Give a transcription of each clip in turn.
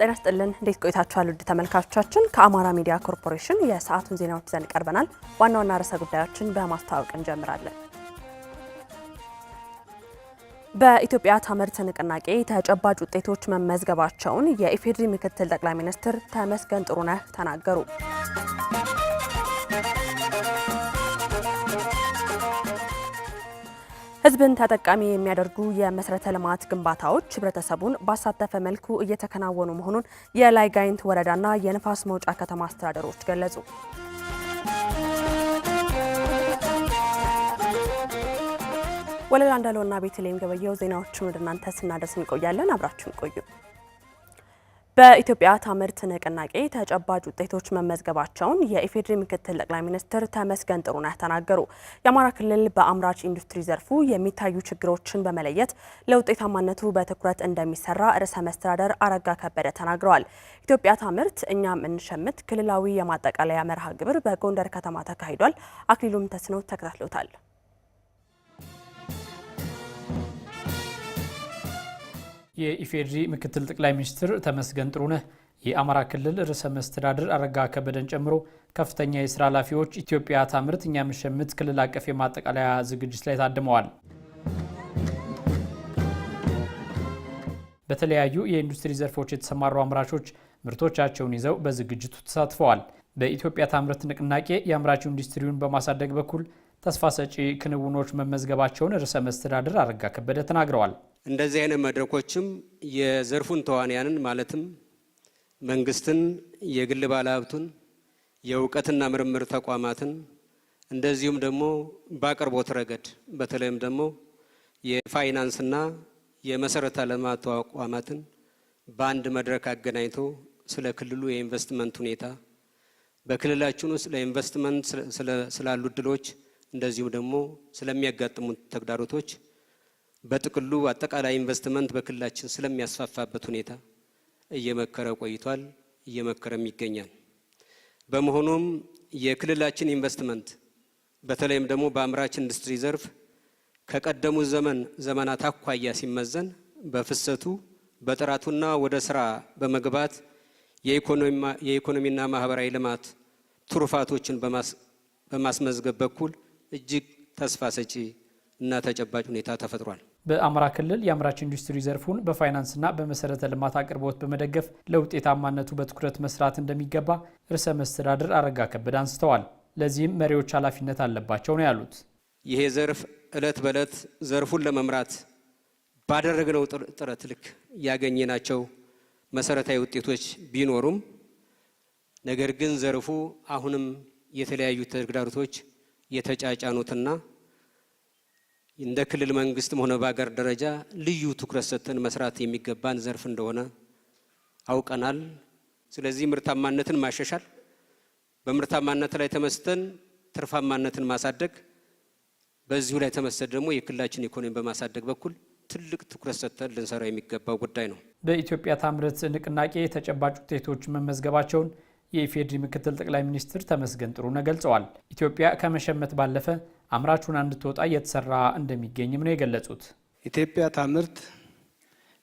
ጤና ስጥልን። እንዴት ቆይታችኋል? ውድ ተመልካቾቻችን ከአማራ ሚዲያ ኮርፖሬሽን የሰዓቱን ዜናዎች ይዘን ቀርበናል። ዋና ዋና ርዕሰ ጉዳዮችን በማስተዋወቅ እንጀምራለን። በኢትዮጵያ ታምርት ንቅናቄ ተጨባጭ ውጤቶች መመዝገባቸውን የኢፌዴሪ ምክትል ጠቅላይ ሚኒስትር ተመስገን ጥሩነህ ተናገሩ። ህዝብን ተጠቃሚ የሚያደርጉ የመሰረተ ልማት ግንባታዎች ህብረተሰቡን ባሳተፈ መልኩ እየተከናወኑ መሆኑን የላይ ጋይንት ወረዳና የንፋስ መውጫ ከተማ አስተዳደሮች ገለጹ። ወለላ እንዳለውና ቤተልሔም ገበየው ዜናዎቹን ወደ እናንተ ስናደርስ እንቆያለን። አብራችሁን ቆዩ። በኢትዮጵያ ታምርት ንቅናቄ ተጨባጭ ውጤቶች መመዝገባቸውን የኢፌዴሪ ምክትል ጠቅላይ ሚኒስትር ተመስገን ጥሩነህ ተናገሩ። የአማራ ክልል በአምራች ኢንዱስትሪ ዘርፉ የሚታዩ ችግሮችን በመለየት ለውጤታማነቱ በትኩረት እንደሚሰራ ርዕሰ መስተዳደር አረጋ ከበደ ተናግረዋል። ኢትዮጵያ ታምርት እኛም እንሸምት ክልላዊ የማጠቃለያ መርሃ ግብር በጎንደር ከተማ ተካሂዷል። አክሊሉም ተስኖ ተከታትሎታል። የኢፌዴሪ ምክትል ጠቅላይ ሚኒስትር ተመስገን ጥሩነህ የአማራ ክልል ርዕሰ መስተዳድር አረጋ ከበደን ጨምሮ ከፍተኛ የስራ ኃላፊዎች ኢትዮጵያ ታምርት እኛ ምሸምት ክልል አቀፍ የማጠቃለያ ዝግጅት ላይ ታድመዋል። በተለያዩ የኢንዱስትሪ ዘርፎች የተሰማሩ አምራቾች ምርቶቻቸውን ይዘው በዝግጅቱ ተሳትፈዋል። በኢትዮጵያ ታምርት ንቅናቄ የአምራች ኢንዱስትሪውን በማሳደግ በኩል ተስፋ ሰጪ ክንውኖች መመዝገባቸውን ርዕሰ መስተዳድር አረጋ ከበደ ተናግረዋል። እንደዚህ አይነት መድረኮችም የዘርፉን ተዋንያንን ማለትም መንግስትን፣ የግል ባለሀብቱን፣ የእውቀትና ምርምር ተቋማትን እንደዚሁም ደግሞ በአቅርቦት ረገድ በተለይም ደግሞ የፋይናንስና የመሰረተ ልማት ተቋማትን በአንድ መድረክ አገናኝቶ ስለ ክልሉ የኢንቨስትመንት ሁኔታ በክልላችን ውስጥ ለኢንቨስትመንት ስላሉ እድሎች እንደዚሁም ደግሞ ስለሚያጋጥሙ ተግዳሮቶች በጥቅሉ አጠቃላይ ኢንቨስትመንት በክልላችን ስለሚያስፋፋበት ሁኔታ እየመከረ ቆይቷል፣ እየመከረም ይገኛል። በመሆኑም የክልላችን ኢንቨስትመንት በተለይም ደግሞ በአምራች ኢንዱስትሪ ዘርፍ ከቀደሙ ዘመን ዘመናት አኳያ ሲመዘን በፍሰቱ በጥራቱና ወደ ስራ በመግባት የኢኮኖሚና ማህበራዊ ልማት ትሩፋቶችን በማስመዝገብ በኩል እጅግ ተስፋ ሰጪ እና ተጨባጭ ሁኔታ ተፈጥሯል። በአማራ ክልል የአምራች ኢንዱስትሪ ዘርፉን በፋይናንስና በመሰረተ ልማት አቅርቦት በመደገፍ ለውጤታማነቱ በትኩረት መስራት እንደሚገባ ርዕሰ መስተዳድር አረጋ ከበደ አንስተዋል። ለዚህም መሪዎች ኃላፊነት አለባቸው ነው ያሉት። ይሄ ዘርፍ እለት በእለት ዘርፉን ለመምራት ባደረግነው ጥረት ልክ ያገኘናቸው መሰረታዊ ውጤቶች ቢኖሩም ነገር ግን ዘርፉ አሁንም የተለያዩ ተግዳሮቶች የተጫጫኑትና እንደ ክልል መንግስትም ሆነ በሀገር ደረጃ ልዩ ትኩረት ሰጥተን መስራት የሚገባን ዘርፍ እንደሆነ አውቀናል። ስለዚህ ምርታማነትን ማሻሻል፣ በምርታማነት ላይ ተመስተን ትርፋማነትን ማሳደግ፣ በዚሁ ላይ ተመስተን ደግሞ የክልላችን ኢኮኖሚ በማሳደግ በኩል ትልቅ ትኩረት ሰጥተን ልንሰራ የሚገባው ጉዳይ ነው። በኢትዮጵያ ታምርት ንቅናቄ ተጨባጭ ውጤቶች መመዝገባቸውን የኢፌዴሪ ምክትል ጠቅላይ ሚኒስትር ተመስገን ጥሩነህ ገልጸዋል። ኢትዮጵያ ከመሸመት ባለፈ አምራቹን እንድትወጣ እየተሰራ እንደሚገኝም ነው የገለጹት። ኢትዮጵያ ታምርት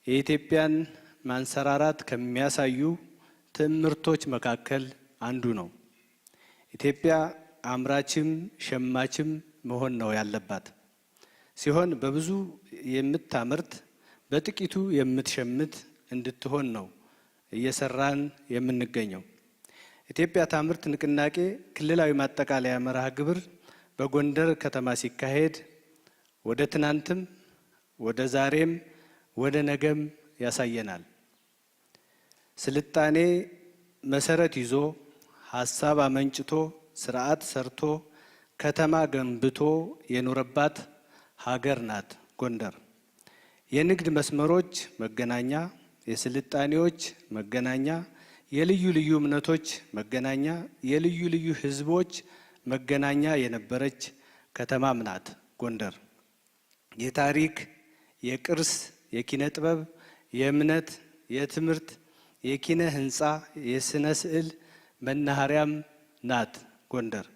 የኢትዮጵያን ማንሰራራት ከሚያሳዩ ትምህርቶች መካከል አንዱ ነው። ኢትዮጵያ አምራችም ሸማችም መሆን ነው ያለባት ሲሆን በብዙ የምታምርት በጥቂቱ የምትሸምት እንድትሆን ነው እየሰራን የምንገኘው። ኢትዮጵያ ታምርት ንቅናቄ ክልላዊ ማጠቃለያ መርሃ ግብር በጎንደር ከተማ ሲካሄድ ወደ ትናንትም ወደ ዛሬም ወደ ነገም ያሳየናል። ስልጣኔ መሰረት ይዞ ሀሳብ አመንጭቶ ስርዓት ሰርቶ ከተማ ገንብቶ የኖረባት ሀገር ናት ጎንደር። የንግድ መስመሮች መገናኛ፣ የስልጣኔዎች መገናኛ፣ የልዩ ልዩ እምነቶች መገናኛ፣ የልዩ ልዩ ህዝቦች መገናኛ የነበረች ከተማም ናት ጎንደር። የታሪክ፣ የቅርስ፣ የኪነ ጥበብ፣ የእምነት፣ የትምህርት፣ የኪነ ህንፃ፣ የስነ ስዕል መናኸሪያም ናት ጎንደር።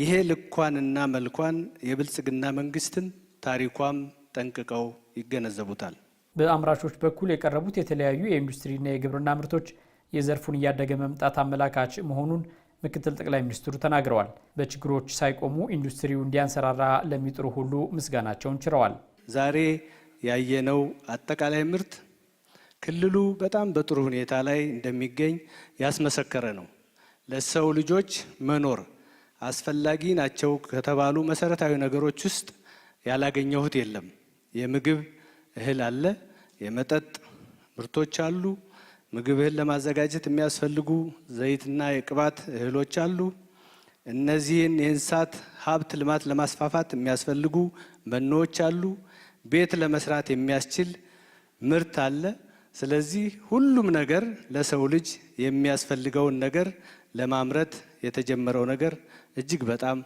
ይሄ ልኳንና መልኳን የብልጽግና መንግስትም ታሪኳም ጠንቅቀው ይገነዘቡታል። በአምራቾች በኩል የቀረቡት የተለያዩ የኢንዱስትሪና የግብርና ምርቶች የዘርፉን እያደገ መምጣት አመላካች መሆኑን ምክትል ጠቅላይ ሚኒስትሩ ተናግረዋል። በችግሮች ሳይቆሙ ኢንዱስትሪው እንዲያንሰራራ ለሚጥሩ ሁሉ ምስጋናቸውን ችረዋል። ዛሬ ያየነው አጠቃላይ ምርት ክልሉ በጣም በጥሩ ሁኔታ ላይ እንደሚገኝ ያስመሰከረ ነው። ለሰው ልጆች መኖር አስፈላጊ ናቸው ከተባሉ መሰረታዊ ነገሮች ውስጥ ያላገኘሁት የለም። የምግብ እህል አለ፣ የመጠጥ ምርቶች አሉ፣ ምግብህን ለማዘጋጀት የሚያስፈልጉ ዘይትና የቅባት እህሎች አሉ። እነዚህን የእንስሳት ሀብት ልማት ለማስፋፋት የሚያስፈልጉ መኖዎች አሉ። ቤት ለመስራት የሚያስችል ምርት አለ። ስለዚህ ሁሉም ነገር ለሰው ልጅ የሚያስፈልገውን ነገር ለማምረት የተጀመረው ነገር እጅግ በጣም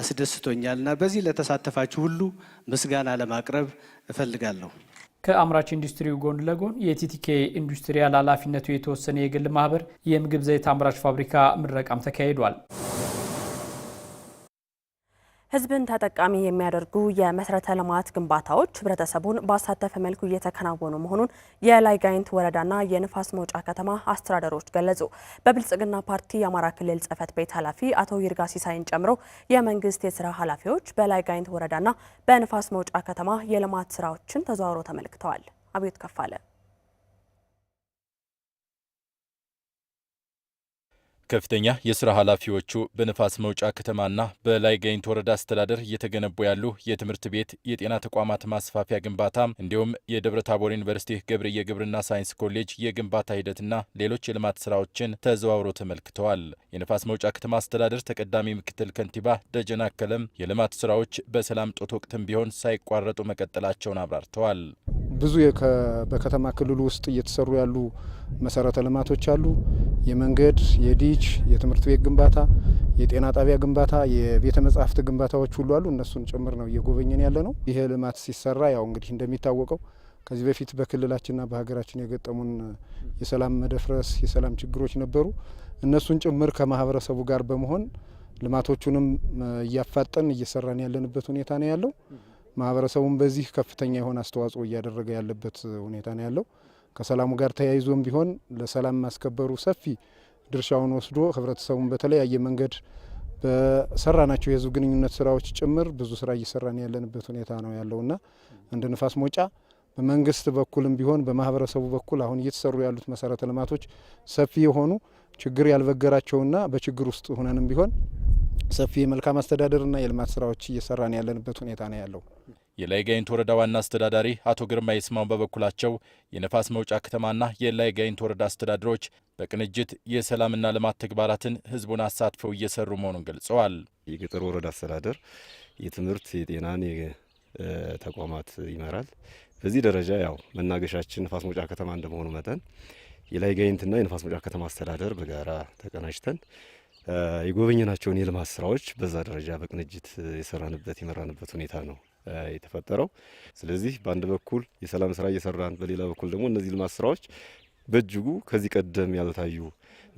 አስደስቶኛልና በዚህ ለተሳተፋችሁ ሁሉ ምስጋና ለማቅረብ እፈልጋለሁ። ከአምራች ኢንዱስትሪው ጎን ለጎን የቲቲኬ ኢንዱስትሪያል ኃላፊነቱ የተወሰነ የግል ማህበር የምግብ ዘይት አምራች ፋብሪካ ምረቃም ተካሂዷል። ህዝብን ተጠቃሚ የሚያደርጉ የመሰረተ ልማት ግንባታዎች ህብረተሰቡን ባሳተፈ መልኩ እየተከናወኑ መሆኑን የላይ ጋይንት ወረዳና የንፋስ መውጫ ከተማ አስተዳደሮች ገለጹ። በብልጽግና ፓርቲ የአማራ ክልል ጽህፈት ቤት ኃላፊ አቶ ይርጋ ሲሳይን ጨምሮ የመንግስት የስራ ኃላፊዎች በላይ ጋይንት ወረዳና በንፋስ መውጫ ከተማ የልማት ስራዎችን ተዘዋውሮ ተመልክተዋል። አብዮት ከፋለ ከፍተኛ የስራ ኃላፊዎቹ በንፋስ መውጫ ከተማና በላይ ጋይንት ወረዳ አስተዳደር እየተገነቡ ያሉ የትምህርት ቤት፣ የጤና ተቋማት ማስፋፊያ ግንባታ እንዲሁም የደብረ ታቦር ዩኒቨርሲቲ ገብር ግብርና ሳይንስ ኮሌጅ የግንባታ ሂደትና ሌሎች የልማት ስራዎችን ተዘዋውሮ ተመልክተዋል። የንፋስ መውጫ ከተማ አስተዳደር ተቀዳሚ ምክትል ከንቲባ ደጀና አከለም የልማት ስራዎች በሰላም ጦት ወቅትም ቢሆን ሳይቋረጡ መቀጠላቸውን አብራርተዋል። ብዙ በከተማ ክልሉ ውስጥ እየተሰሩ ያሉ መሰረተ ልማቶች አሉ። የመንገድ፣ የዲጅ፣ ግንባታዎች፣ የትምህርት ቤት ግንባታ፣ የጤና ጣቢያ ግንባታ፣ የቤተ መጻሕፍት ግንባታዎች ሁሉ አሉ። እነሱን ጭምር ነው እየጎበኘን ያለ ነው። ይሄ ልማት ሲሰራ ያው እንግዲህ እንደሚታወቀው ከዚህ በፊት በክልላችንና በሀገራችን የገጠሙን የሰላም መደፍረስ፣ የሰላም ችግሮች ነበሩ። እነሱን ጭምር ከማህበረሰቡ ጋር በመሆን ልማቶቹንም እያፋጠን እየሰራን ያለንበት ሁኔታ ነው ያለው። ማህበረሰቡም በዚህ ከፍተኛ የሆነ አስተዋጽኦ እያደረገ ያለበት ሁኔታ ነው ያለው። ከሰላሙ ጋር ተያይዞም ቢሆን ለሰላም ማስከበሩ ሰፊ ድርሻውን ወስዶ ህብረተሰቡን በተለያየ መንገድ በሰራናቸው የህዝብ ግንኙነት ስራዎች ጭምር ብዙ ስራ እየሰራን ያለንበት ሁኔታ ነው ያለውና እንደ ንፋስ መውጫ በመንግስት በኩልም ቢሆን በማህበረሰቡ በኩል አሁን እየተሰሩ ያሉት መሰረተ ልማቶች ሰፊ የሆኑ ችግር ያልበገራቸውና በችግር ውስጥ ሆነንም ቢሆን ሰፊ የመልካም አስተዳደርና የልማት ስራዎች እየሰራን ያለንበት ሁኔታ ነው ያለው። የላይ ጋይንት ወረዳ ዋና አስተዳዳሪ አቶ ግርማ ይስማው በበኩላቸው የነፋስ መውጫ ከተማና የላይ ጋይንት ወረዳ አስተዳደሮች በቅንጅት የሰላምና ልማት ተግባራትን ህዝቡን አሳትፈው እየሰሩ መሆኑን ገልጸዋል። የገጠር ወረዳ አስተዳደር የትምህርት፣ የጤናን ተቋማት ይመራል። በዚህ ደረጃ ያው መናገሻችን ንፋስ መውጫ ከተማ እንደመሆኑ መጠን የላይ ጋይንትና የንፋስ መውጫ ከተማ አስተዳደር በጋራ ተቀናጅተን የጎበኘናቸውን የልማት ስራዎች በዛ ደረጃ በቅንጅት የሰራንበት የመራንበት ሁኔታ ነው የተፈጠረው። ስለዚህ በአንድ በኩል የሰላም ስራ እየሰራን፣ በሌላ በኩል ደግሞ እነዚህ ልማት ስራዎች በእጅጉ ከዚህ ቀደም ያልታዩ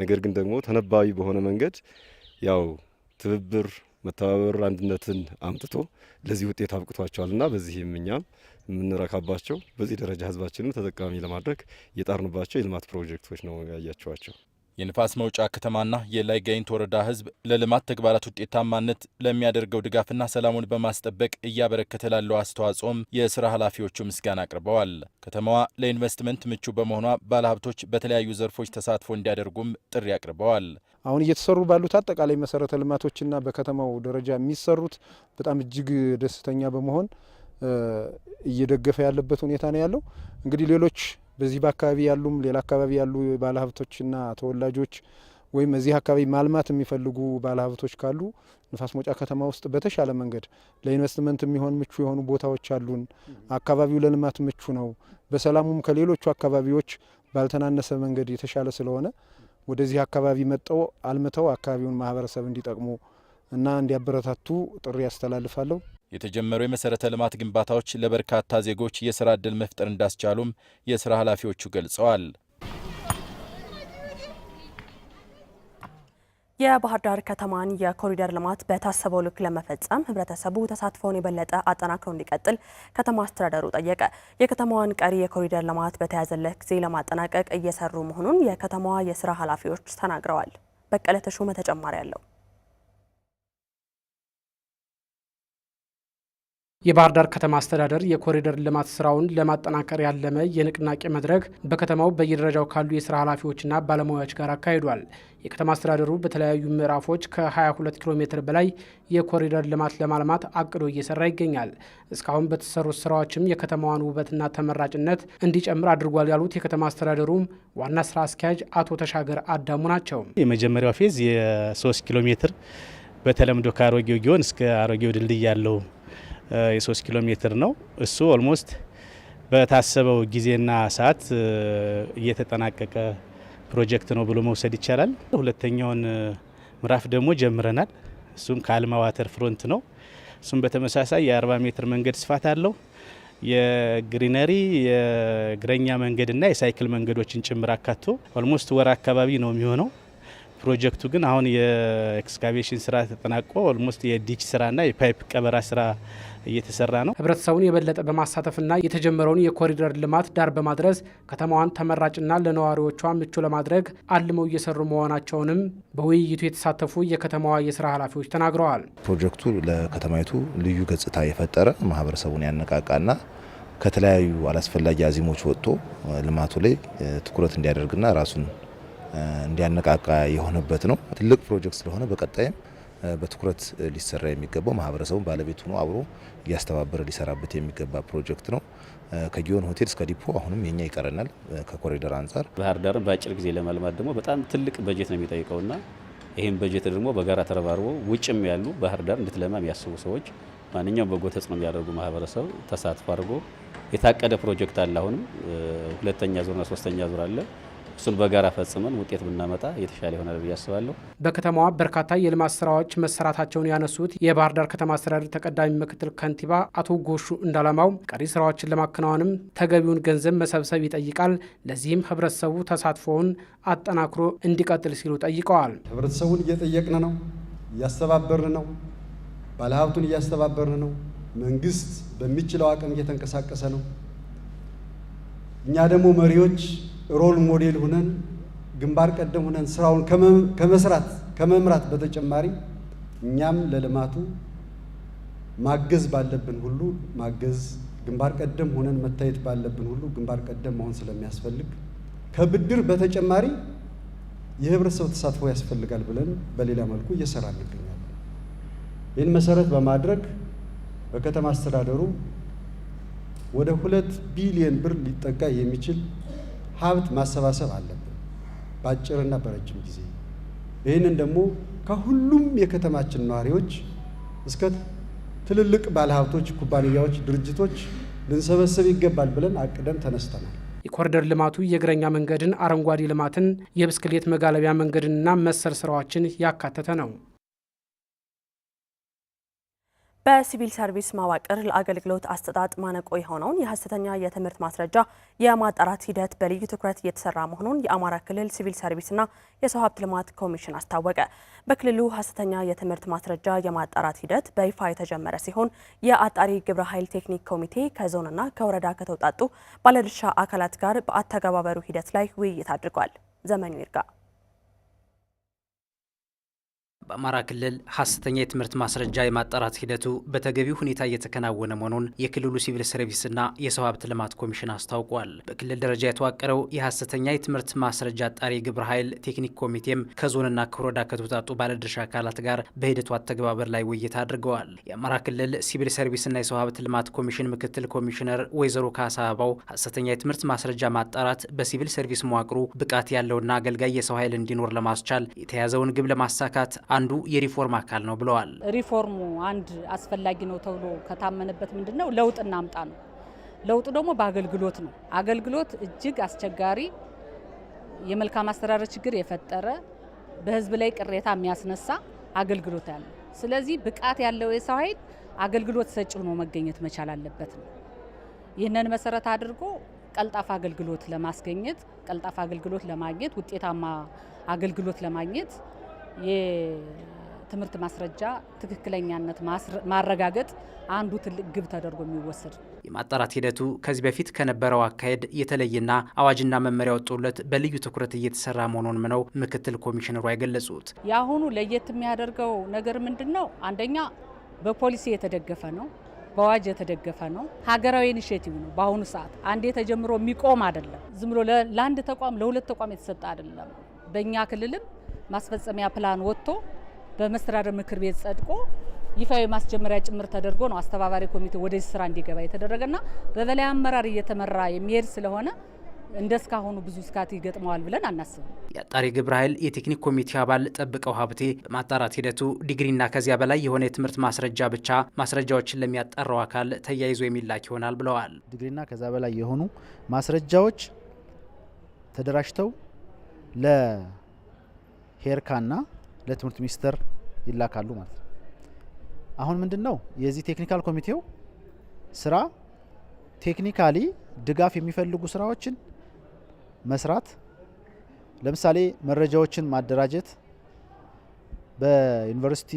ነገር ግን ደግሞ ተነባቢ በሆነ መንገድ ያው ትብብር፣ መተባበር አንድነትን አምጥቶ ለዚህ ውጤት አብቅቷቸዋልና በዚህም እኛም የምንረካባቸው በዚህ ደረጃ ህዝባችንን ተጠቃሚ ለማድረግ የጣርንባቸው የልማት ፕሮጀክቶች ነው ያያቸዋቸው። የንፋስ መውጫ ከተማና የላይ ጋይንት ወረዳ ህዝብ ለልማት ተግባራት ውጤታማነት ለሚያደርገው ድጋፍና ሰላሙን በማስጠበቅ እያበረከተ ላለው አስተዋጽኦም የስራ ኃላፊዎቹ ምስጋና አቅርበዋል። ከተማዋ ለኢንቨስትመንት ምቹ በመሆኗ ባለሀብቶች በተለያዩ ዘርፎች ተሳትፎ እንዲያደርጉም ጥሪ አቅርበዋል። አሁን እየተሰሩ ባሉት አጠቃላይ መሰረተ ልማቶችና በከተማው ደረጃ የሚሰሩት በጣም እጅግ ደስተኛ በመሆን እየደገፈ ያለበት ሁኔታ ነው ያለው እንግዲህ ሌሎች በዚህ በአካባቢ ያሉም ሌላ አካባቢ ያሉ ባለሀብቶችና ተወላጆች ወይም እዚህ አካባቢ ማልማት የሚፈልጉ ባለሀብቶች ካሉ ንፋስ መውጫ ከተማ ውስጥ በተሻለ መንገድ ለኢንቨስትመንት የሚሆን ምቹ የሆኑ ቦታዎች አሉን። አካባቢው ለልማት ምቹ ነው። በሰላሙም ከሌሎቹ አካባቢዎች ባልተናነሰ መንገድ የተሻለ ስለሆነ ወደዚህ አካባቢ መጠው አልምተው አካባቢውን ማህበረሰብ እንዲጠቅሙ እና እንዲያበረታቱ ጥሪ ያስተላልፋለሁ። የተጀመሩ የመሠረተ ልማት ግንባታዎች ለበርካታ ዜጎች የሥራ ዕድል መፍጠር እንዳስቻሉም የሥራ ኃላፊዎቹ ገልጸዋል። የባህር ዳር ከተማን የኮሪደር ልማት በታሰበው ልክ ለመፈጸም ህብረተሰቡ ተሳትፎውን የበለጠ አጠናክሮ እንዲቀጥል ከተማ አስተዳደሩ ጠየቀ። የከተማዋን ቀሪ የኮሪደር ልማት በተያዘለት ጊዜ ለማጠናቀቅ እየሰሩ መሆኑን የከተማዋ የስራ ኃላፊዎች ተናግረዋል። በቀለ ተሾመ ተጨማሪ አለው። የባህር ዳር ከተማ አስተዳደር የኮሪደር ልማት ስራውን ለማጠናከር ያለመ የንቅናቄ መድረክ በከተማው በየደረጃው ካሉ የስራ ኃላፊዎችና ባለሙያዎች ጋር አካሂዷል። የከተማ አስተዳደሩ በተለያዩ ምዕራፎች ከ22 ኪሎ ሜትር በላይ የኮሪደር ልማት ለማልማት አቅዶ እየሰራ ይገኛል። እስካሁን በተሰሩት ስራዎችም የከተማዋን ውበትና ተመራጭነት እንዲጨምር አድርጓል ያሉት የከተማ አስተዳደሩ ዋና ስራ አስኪያጅ አቶ ተሻገር አዳሙ ናቸው። የመጀመሪያው ፌዝ የ3 ኪሎ ሜትር በተለምዶ ከአሮጌው ጊዮን እስከ አሮጌው ድልድይ ያለው የሶስት ኪሎ ሜትር ነው። እሱ ኦልሞስት በታሰበው ጊዜና ሰዓት እየተጠናቀቀ ፕሮጀክት ነው ብሎ መውሰድ ይቻላል። ሁለተኛውን ምዕራፍ ደግሞ ጀምረናል። እሱም ከአልማ ዋተር ፍሮንት ነው። እሱም በተመሳሳይ የ40 ሜትር መንገድ ስፋት አለው። የግሪነሪ የእግረኛ መንገድና የሳይክል መንገዶችን ጭምር አካቶ ኦልሞስት ወር አካባቢ ነው የሚሆነው። ፕሮጀክቱ ግን አሁን የኤክስካቬሽን ስራ ተጠናቆ ኦልሞስት የዲች ስራና የፓይፕ ቀበራ ስራ እየተሰራ ነው። ህብረተሰቡን የበለጠ በማሳተፍና የተጀመረውን የኮሪደር ልማት ዳር በማድረስ ከተማዋን ተመራጭና ለነዋሪዎቿ ምቹ ለማድረግ አልመው እየሰሩ መሆናቸውንም በውይይቱ የተሳተፉ የከተማዋ የስራ ኃላፊዎች ተናግረዋል። ፕሮጀክቱ ለከተማይቱ ልዩ ገጽታ የፈጠረ ማህበረሰቡን ያነቃቃና ከተለያዩ አላስፈላጊ አዚሞች ወጥቶ ልማቱ ላይ ትኩረት እንዲያደርግና ራሱን እንዲያነቃቃ የሆነበት ነው። ትልቅ ፕሮጀክት ስለሆነ በቀጣይም በትኩረት ሊሰራ የሚገባው ማህበረሰቡን ባለቤት ሆኖ አብሮ እያስተባበረ ሊሰራበት የሚገባ ፕሮጀክት ነው። ከጊዮን ሆቴል እስከ ዲፖ አሁንም የኛ ይቀረናል። ከኮሪደር አንጻር ባህር ዳር በአጭር ጊዜ ለማልማት ደግሞ በጣም ትልቅ በጀት ነው የሚጠይቀውና ይህም በጀት ደግሞ በጋራ ተረባርቦ ውጭም ያሉ ባህር ዳር እንድትለማ የሚያስቡ ሰዎች ማንኛውም በጎ ተጽዕኖ የሚያደርጉ ማህበረሰብ ተሳትፎ አድርጎ የታቀደ ፕሮጀክት አለ። አሁንም ሁለተኛ ዙርና ሶስተኛ ዙር አለ። እሱን በጋራ ፈጽመን ውጤት ብናመጣ የተሻለ ይሆናል ብዬ አስባለሁ። በከተማዋ በርካታ የልማት ስራዎች መሰራታቸውን ያነሱት የባህር ዳር ከተማ አስተዳደር ተቀዳሚ ምክትል ከንቲባ አቶ ጎሹ እንዳላማው ቀሪ ስራዎችን ለማከናወንም ተገቢውን ገንዘብ መሰብሰብ ይጠይቃል፣ ለዚህም ህብረተሰቡ ተሳትፎውን አጠናክሮ እንዲቀጥል ሲሉ ጠይቀዋል። ህብረተሰቡን እየጠየቅን ነው፣ እያስተባበርን ነው፣ ባለሀብቱን እያስተባበርን ነው። መንግስት በሚችለው አቅም እየተንቀሳቀሰ ነው። እኛ ደግሞ መሪዎች ሮል ሞዴል ሁነን ግንባር ቀደም ሁነን ስራውን ከመስራት ከመምራት በተጨማሪ እኛም ለልማቱ ማገዝ ባለብን ሁሉ ማገዝ ግንባር ቀደም ሆነን መታየት ባለብን ሁሉ ግንባር ቀደም መሆን ስለሚያስፈልግ ከብድር በተጨማሪ የህብረተሰብ ተሳትፎ ያስፈልጋል ብለን በሌላ መልኩ እየሰራ እንገኛለን። ይህን መሰረት በማድረግ በከተማ አስተዳደሩ ወደ ሁለት ቢሊየን ብር ሊጠጋ የሚችል ሀብት ማሰባሰብ አለብን በአጭርና በረጅም ጊዜ። ይህንን ደግሞ ከሁሉም የከተማችን ነዋሪዎች እስከ ትልልቅ ባለሀብቶች፣ ኩባንያዎች፣ ድርጅቶች ልንሰበሰብ ይገባል ብለን አቅደም ተነስተናል። የኮሪደር ልማቱ የእግረኛ መንገድን፣ አረንጓዴ ልማትን፣ የብስክሌት መጋለቢያ መንገድንና መሰል ስራዎችን ያካተተ ነው። በሲቪል ሰርቪስ መዋቅር ለአገልግሎት አሰጣጥ ማነቆ የሆነውን የሀሰተኛ የትምህርት ማስረጃ የማጣራት ሂደት በልዩ ትኩረት እየተሰራ መሆኑን የአማራ ክልል ሲቪል ሰርቪስና የሰው ሀብት ልማት ኮሚሽን አስታወቀ። በክልሉ ሀሰተኛ የትምህርት ማስረጃ የማጣራት ሂደት በይፋ የተጀመረ ሲሆን የአጣሪ ግብረ ኃይል ቴክኒክ ኮሚቴ ከዞንና ከወረዳ ከተውጣጡ ባለድርሻ አካላት ጋር በአተገባበሩ ሂደት ላይ ውይይት አድርጓል። ዘመኑ ይርጋ በአማራ ክልል ሀሰተኛ የትምህርት ማስረጃ የማጣራት ሂደቱ በተገቢው ሁኔታ እየተከናወነ መሆኑን የክልሉ ሲቪል ሰርቪስና የሰው ሀብት ልማት ኮሚሽን አስታውቋል። በክልል ደረጃ የተዋቀረው የሀሰተኛ የትምህርት ማስረጃ አጣሪ ግብረ ኃይል ቴክኒክ ኮሚቴም ከዞንና ከወረዳ ከተውጣጡ ባለድርሻ አካላት ጋር በሂደቱ አተገባበር ላይ ውይይት አድርገዋል። የአማራ ክልል ሲቪል ሰርቪስና የሰው ሀብት ልማት ኮሚሽን ምክትል ኮሚሽነር ወይዘሮ ካሳ አበባው ሀሰተኛ የትምህርት ማስረጃ ማጣራት በሲቪል ሰርቪስ መዋቅሩ ብቃት ያለውና አገልጋይ የሰው ኃይል እንዲኖር ለማስቻል የተያዘውን ግብ ለማሳካት አንዱ የሪፎርም አካል ነው ብለዋል። ሪፎርሙ አንድ አስፈላጊ ነው ተብሎ ከታመነበት ምንድን ነው ለውጥ እናምጣ ነው። ለውጡ ደግሞ በአገልግሎት ነው። አገልግሎት እጅግ አስቸጋሪ የመልካም አስተዳደር ችግር የፈጠረ በህዝብ ላይ ቅሬታ የሚያስነሳ አገልግሎት ያለ ስለዚህ ብቃት ያለው የሰው ኃይል አገልግሎት ሰጪ ሆኖ መገኘት መቻል አለበት ነው። ይህንን መሰረት አድርጎ ቀልጣፋ አገልግሎት ለማስገኘት ቀልጣፋ አገልግሎት ለማግኘት ውጤታማ አገልግሎት ለማግኘት የትምህርት ማስረጃ ትክክለኛነት ማረጋገጥ አንዱ ትልቅ ግብ ተደርጎ የሚወሰድ የማጣራት ሂደቱ ከዚህ በፊት ከነበረው አካሄድ የተለየና አዋጅና መመሪያ ወጥቶለት በልዩ ትኩረት እየተሰራ መሆኑንም ነው ምክትል ኮሚሽነሩ የገለጹት። የአሁኑ ለየት የሚያደርገው ነገር ምንድን ነው? አንደኛ በፖሊሲ የተደገፈ ነው። በአዋጅ የተደገፈ ነው። ሀገራዊ ኢኒሽቲቭ ነው። በአሁኑ ሰዓት አንዴ ተጀምሮ የሚቆም አይደለም። ዝም ብሎ ለአንድ ተቋም ለሁለት ተቋም የተሰጠ አይደለም። በእኛ ክልልም ማስፈጸሚያ ፕላን ወጥቶ በመስተዳደር ምክር ቤት ጸድቆ ይፋዊ ማስጀመሪያ ጭምር ተደርጎ ነው አስተባባሪ ኮሚቴ ወደዚህ ስራ እንዲገባ የተደረገና በበላይ አመራር እየተመራ የሚሄድ ስለሆነ እንደ እስካሁኑ ብዙ ስጋት ይገጥመዋል ብለን አናስብም። የአጣሪ ግብረ ኃይል የቴክኒክ ኮሚቴ አባል ጠብቀው ሀብቴ በማጣራት ሂደቱ ዲግሪና ከዚያ በላይ የሆነ የትምህርት ማስረጃ ብቻ ማስረጃዎችን ለሚያጣራው አካል ተያይዞ የሚላክ ይሆናል ብለዋል። ዲግሪና ከዚያ በላይ የሆኑ ማስረጃዎች ተደራጅተው ሄርካና ለትምህርት ሚኒስቴር ይላካሉ ማለት ነው። አሁን ምንድን ነው የዚህ ቴክኒካል ኮሚቴው ስራ ቴክኒካሊ ድጋፍ የሚፈልጉ ስራዎችን መስራት፣ ለምሳሌ መረጃዎችን ማደራጀት በዩኒቨርሲቲ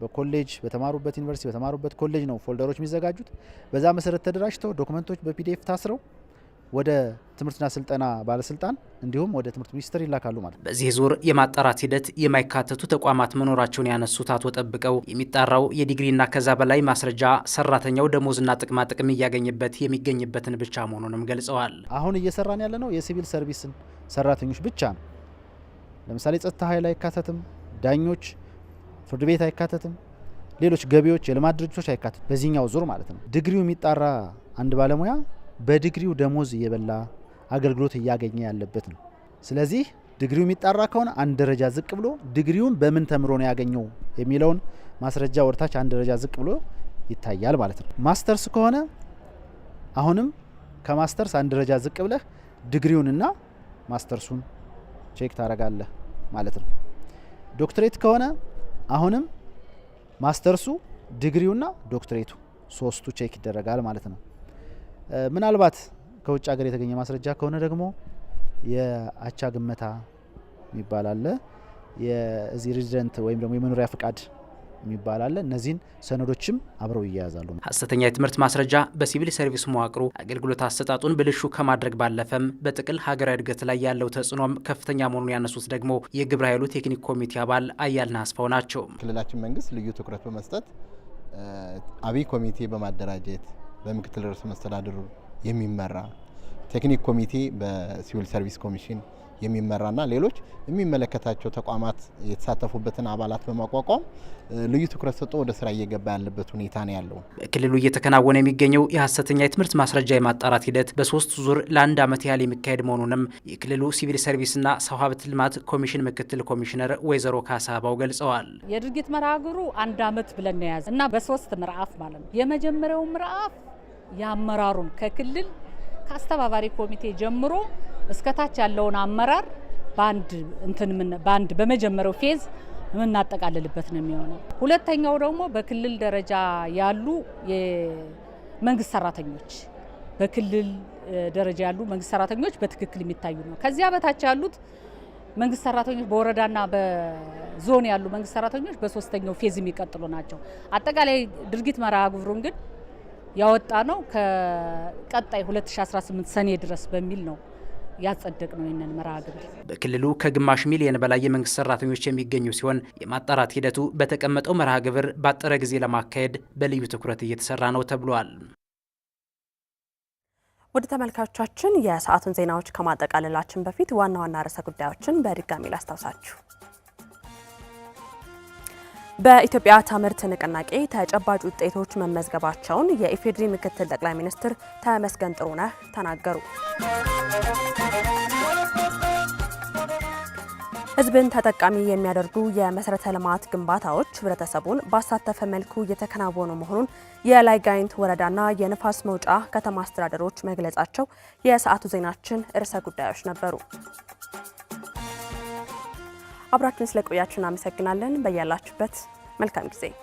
በኮሌጅ በተማሩበት ዩኒቨርሲቲ በተማሩበት ኮሌጅ ነው ፎልደሮች የሚዘጋጁት። በዛ መሰረት ተደራጅተው ዶክመንቶች በፒዲኤፍ ታስረው ወደ ትምህርትና ስልጠና ባለስልጣን እንዲሁም ወደ ትምህርት ሚኒስቴር ይላካሉ ማለት ነው። በዚህ ዙር የማጣራት ሂደት የማይካተቱ ተቋማት መኖራቸውን ያነሱት አቶ ጠብቀው የሚጣራው የዲግሪና ከዛ በላይ ማስረጃ ሰራተኛው ደሞዝና ጥቅማ ጥቅም እያገኘበት የሚገኝበትን ብቻ መሆኑንም ገልጸዋል። አሁን እየሰራን ያለ ነው የሲቪል ሰርቪስን ሰራተኞች ብቻ ነው። ለምሳሌ ጸጥታ ኃይል አይካተትም፣ ዳኞች፣ ፍርድ ቤት አይካተትም፣ ሌሎች ገቢዎች፣ የልማት ድርጅቶች አይካተትም። በዚህኛው ዙር ማለት ነው ዲግሪው የሚጣራ አንድ ባለሙያ በዲግሪው ደሞዝ እየበላ አገልግሎት እያገኘ ያለበት ነው። ስለዚህ ዲግሪው የሚጣራ ከሆነ አንድ ደረጃ ዝቅ ብሎ ዲግሪውን በምን ተምሮ ነው ያገኘው የሚለውን ማስረጃ ወደታች አንድ ደረጃ ዝቅ ብሎ ይታያል ማለት ነው። ማስተርስ ከሆነ አሁንም ከማስተርስ አንድ ደረጃ ዝቅ ብለህ ዲግሪውንና ማስተርሱን ቼክ ታደርጋለህ ማለት ነው። ዶክትሬት ከሆነ አሁንም ማስተርሱ ዲግሪውና ዶክትሬቱ ሶስቱ ቼክ ይደረጋል ማለት ነው። ምናልባት ከውጭ ሀገር የተገኘ ማስረጃ ከሆነ ደግሞ የአቻ ግመታ የሚባል አለ። የዚህ ሬዚደንት ወይም ደግሞ የመኖሪያ ፍቃድ የሚባል አለ። እነዚህን ሰነዶችም አብረው ይያያዛሉ። ሀሰተኛ የትምህርት ማስረጃ በሲቪል ሰርቪስ መዋቅሩ አገልግሎት አሰጣጡን ብልሹ ከማድረግ ባለፈም በጥቅል ሀገራዊ እድገት ላይ ያለው ተጽዕኖም ከፍተኛ መሆኑን ያነሱት ደግሞ የግብረ ኃይሉ ቴክኒክ ኮሚቴ አባል አያልና አስፋው ናቸው። ክልላችን መንግስት ልዩ ትኩረት በመስጠት አብይ ኮሚቴ በማደራጀት በምክትል ርዕሰ መስተዳድሩ የሚመራ ቴክኒክ ኮሚቴ በሲቪል ሰርቪስ ኮሚሽን የሚመራና ሌሎች የሚመለከታቸው ተቋማት የተሳተፉበትን አባላት በማቋቋም ልዩ ትኩረት ሰጥቶ ወደ ስራ እየገባ ያለበት ሁኔታ ነው ያለው። ክልሉ እየተከናወነ የሚገኘው የሀሰተኛ የትምህርት ማስረጃ የማጣራት ሂደት በሶስት ዙር ለአንድ ዓመት ያህል የሚካሄድ መሆኑንም የክልሉ ሲቪል ሰርቪስና ሰው ሀብት ልማት ኮሚሽን ምክትል ኮሚሽነር ወይዘሮ ካሳባው ገልጸዋል። የድርጊት መርሃ አንድ ዓመት ብለን ነው እና በሶስት ምዕራፍ ማለት ነው። የመጀመሪያው ምዕራፍ የአመራሩን ከክልል ከአስተባባሪ ኮሚቴ ጀምሮ እስከታች ያለውን አመራር በአንድ እንትን በአንድ በመጀመሪያው ፌዝ የምናጠቃልልበት ነው የሚሆነው። ሁለተኛው ደግሞ በክልል ደረጃ ያሉ የመንግስት ሰራተኞች በክልል ደረጃ ያሉ መንግስት ሰራተኞች በትክክል የሚታዩ ነው። ከዚያ በታች ያሉት መንግስት ሰራተኞች በወረዳና በዞን ያሉ መንግስት ሰራተኞች በሶስተኛው ፌዝ የሚቀጥሉ ናቸው። አጠቃላይ ድርጊት መርሃ ግብሩን ግን ያወጣ ነው ከቀጣይ 2018 ሰኔ ድረስ በሚል ነው። ያጸደቅ ነው ይንን መርሃ ግብር። በክልሉ ከግማሽ ሚሊየን በላይ የመንግስት ሰራተኞች የሚገኙ ሲሆን የማጣራት ሂደቱ በተቀመጠው መርሃ ግብር ባጠረ ጊዜ ለማካሄድ በልዩ ትኩረት እየተሰራ ነው ተብሏል። ወደ ተመልካቾቻችን የሰዓቱን ዜናዎች ከማጠቃለላችን በፊት ዋና ዋና ርዕሰ ጉዳዮችን በድጋሚ ላስታውሳችሁ። በኢትዮጵያ ታምርት ንቅናቄ ተጨባጭ ውጤቶች መመዝገባቸውን የኢፌዴሪ ምክትል ጠቅላይ ሚኒስትር ተመስገን ጥሩነህ ተናገሩ። ህዝብን ተጠቃሚ የሚያደርጉ የመሰረተ ልማት ግንባታዎች ህብረተሰቡን ባሳተፈ መልኩ እየተከናወኑ መሆኑን የላይ ጋይንት ወረዳና የንፋስ መውጫ ከተማ አስተዳደሮች መግለጻቸው የሰዓቱ ዜናችን ርዕሰ ጉዳዮች ነበሩ። አብራችን ስለቆያችን አመሰግናለን። በያላችሁበት መልካም ጊዜ